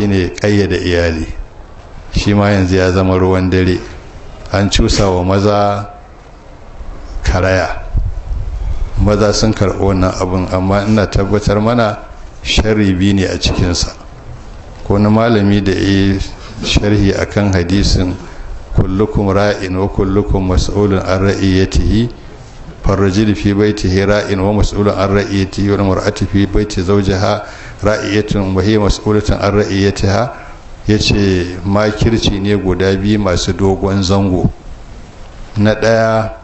shine kayyada iyali shi ma yanzu ya zama ruwan dare an cusa wa maza karaya maza sun karɓi wannan abin amma ina tabbatar mana sharibi ne a cikinsa ko na malami da ya sharhi akan hadisin kullukum ra'in wa kullukum mas'ulun an ra'iyatihi farrajil fi yi ra'in wa mas'ulun an ra'iyatihi wal mar'atu fi baiti zawjiha ra'iyatun wa hiya mas'ulatun an ra'iyatiha yace kirci ne guda biyu masu dogon zango na ɗaya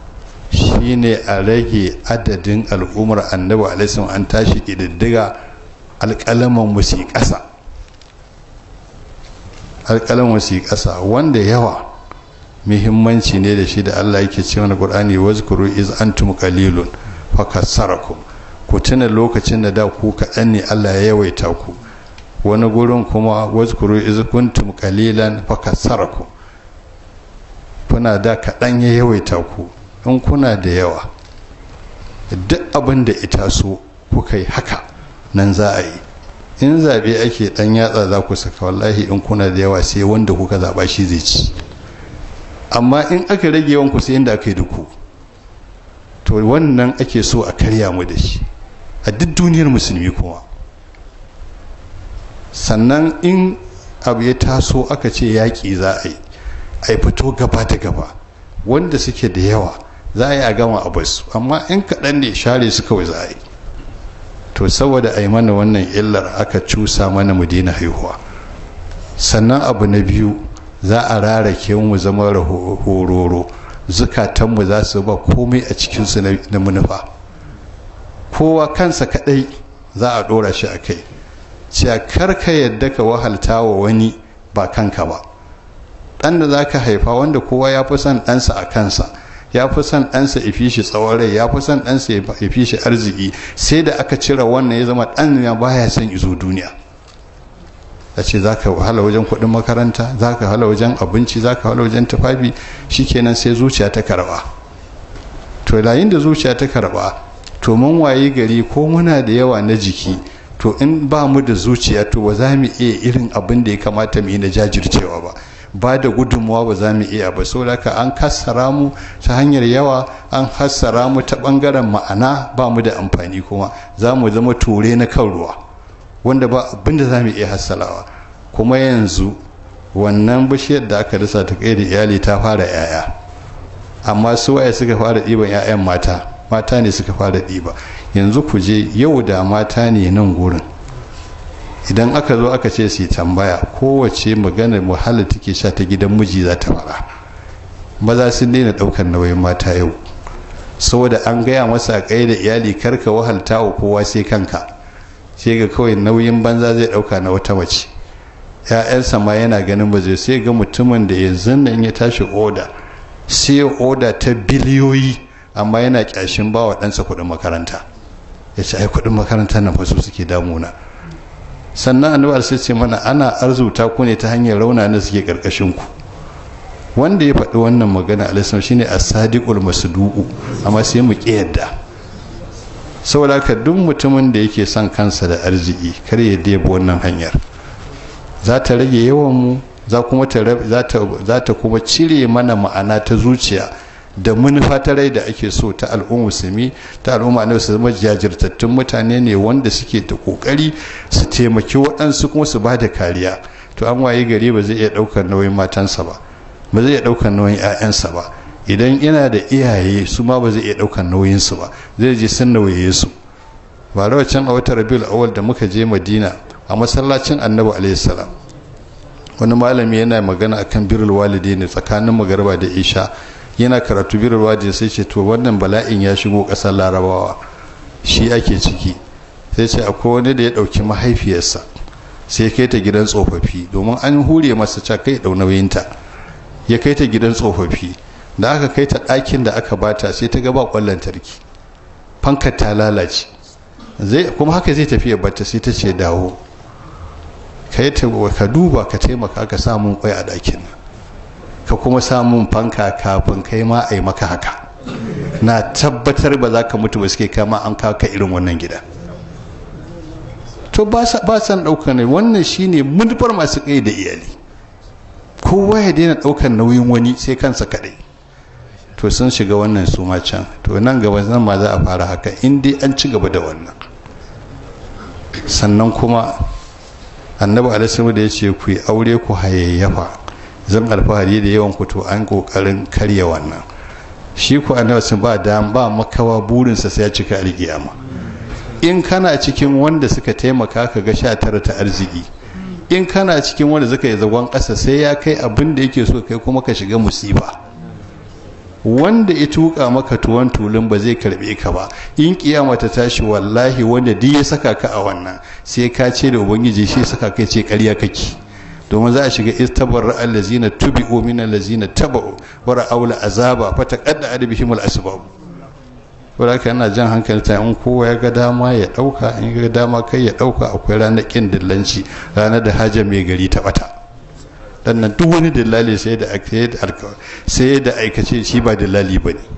shine a rage adadin al'ummar annabi alaihi an tashi kididdiga alƙalaman musi ƙasa alƙalaman musi ƙasa wanda yawa muhimmanci ne da shi da Allah yake cewa na Qur'ani wazkuru iz antum qalilun fakasarakum ku tuna lokacin da da ku kaɗan ne Allah ya yawaita ku wani gurin kuma wazkuru iz kuntum qalilan fakasaraku kuna da kaɗan ya yawaita ku in kuna da yawa duk abin da ita so kuka yi haka nan za a yi in zaɓe ake ɗan yatsa za ku saka wallahi in kuna da yawa sai wanda kuka zaɓa shi zai ci amma in aka rage yawan ku sai inda aka yi duku to wannan ake so a karya mu da shi a duk duniyar musulmi kuma sannan in abu ya taso aka ce yaƙi za a yi a fito gaba da gaba wanda suke da yawa za a yi a gama a basu amma in kaɗan ne share su kawai za a yi to saboda a yi mana wannan illar aka cusa mana mu daina haihuwa sannan abu na biyu za a rarake mu zama hororo zukatanmu za su ba komai a cikinsu na manufa kowa kansa kaɗai za a ɗora shi a kai cewa ka yadda ka wahalta wa wani ba kanka ba ɗan da za ka haifa wanda kowa ya fi son ɗansa a kansa ya fi son ɗansa ifi shi tsawon rai ya fi son ɗansa ifi shi arziki sai da aka cire wannan ya zama ɗan ya baya son izo duniya a ce za ka wahala wajen kuɗin makaranta za ka wahala wajen abinci za ka wahala wajen tufafi shikenan sai zuciya ta karba. to yayin da zuciya ta karba. to mun wayi gari ko muna da yawa na jiki to in ba mu da zuciya to ba za mu iya irin abin da ya kamata mu yi na jajircewa ba ba da gudunmuwa ba za mu iya ba so an kassara mu ta hanyar yawa an hassara mu ta bangaren ma'ana ba mu da amfani kuma za mu zama ture na kan ruwa wanda ba abin da za mu iya hassalawa kuma yanzu wannan bishiyar da aka rasa ta kai da iyali ta fara 'ya'ya amma su waye suka fara ɗiban 'ya'yan mata mata ne suka fara ɗiba yanzu ku je yau da mata ne nan gurin idan aka zo aka ce su tambaya kowace maganar wahala take sha ta gidan miji za ta fara maza sun daina ɗaukar nauyin mata yau saboda an gaya masa a da iyali karka wahalta wa kowa sai kanka sai ga kawai nauyin banza zai ɗauka na wata mace ya'yansa ma yana ganin ba zai sai ga mutumin da yanzu nan ya tashi oda sai oda ta biliyoyi amma yana kyashin ba wa ɗansa kuɗin makaranta ya ce ai kuɗin makaranta na fasu suke damuna sannan annabi sai ce mana ana arzuta ku ne ta hanyar rauna na suke karkashin ku wanda ya faɗi wannan magana alaihi shine as-sadiqul masdu'u amma sai mu ki yadda saboda haka duk mutumin da yake son kansa da arziki kar ya debo wannan hanyar za ta rage yawan mu za za ta kuma cire mana ma'ana ta zuciya da manufa ta rai da ake so ta al'umma musulmi ta al'umma ne su zama jajirtattun mutane ne wanda suke da kokari su taimaki waɗansu kuma su ba da kariya to an waye gari ba zai iya ɗaukar nauyin matansa ba ba zai iya ɗaukar nauyin 'ya'yansa ba idan yana da iyaye su ma ba zai iya ɗaukar nauyinsu ba zai je sun nauye su ba rawacin a wata rabiul awal da muka je madina a masallacin annabi alayhi salam wani malami yana magana akan birrul walidaini tsakanin magarba da isha yana karatu birar waje sai ce to wannan bala'in ya shigo ƙasar larabawa shi ake ciki sai ce akwai wani da ya ɗauki mahaifiyarsa sai kai ta gidan tsofaffi domin an hure masa ca kai ɗau nauyinta ya kai ta gidan tsofaffi da aka kai ta ɗakin da aka bata sai ta gaba ƙwallon tarki fankar ta lalace kuma haka zai tafi ya bata sai ta ce dawo ka duba ka taimaka ka samun kwai a ɗakin nan ka kuma samun fanka kafin kai ma a yi maka haka na tabbatar ba za ka mutu ba suke kama an kawo irin wannan gida to ba san ɗaukar ne wannan shine manufar masu kai da iyali kowa ya daina ɗaukar nauyin wani sai kansa kaɗai to sun shiga wannan su can to nan gaba nan ma za a fara haka in dai an ci gaba da wannan sannan kuma annabi alaihi da ya ce ku yi aure ku hayayyafa zan alfahari da yawan kutu an kokarin karya wannan shi ku annabi sun ba da ba makawa burinsa sai ya cika alkiyama in kana cikin wanda suka taimaka ka ga sha ta arziki in kana cikin wanda suka yi zagon kasa sai ya kai abin da yake so kai kuma ka shiga musiba wanda ya tuka maka tuwon tulun ba zai karbe ka ba in kiyama ta tashi wallahi wanda duk ya saka ka a wannan sai ka ce da ubangiji shi saka kai ce ƙarya kake domin za a shiga istabar tubi tubi'u min allazina taba'u wa ra'aula azaba fa taqadda adbihim al-asbab wanda haka yana jan hankali ta in kowa ya ga dama ya dauka in ga dama kai ya dauka akwai ranar kin dillanci ranar da haja mai gari ta bata dan duk wani dillali sai da aikace shi ba dillali ba ne.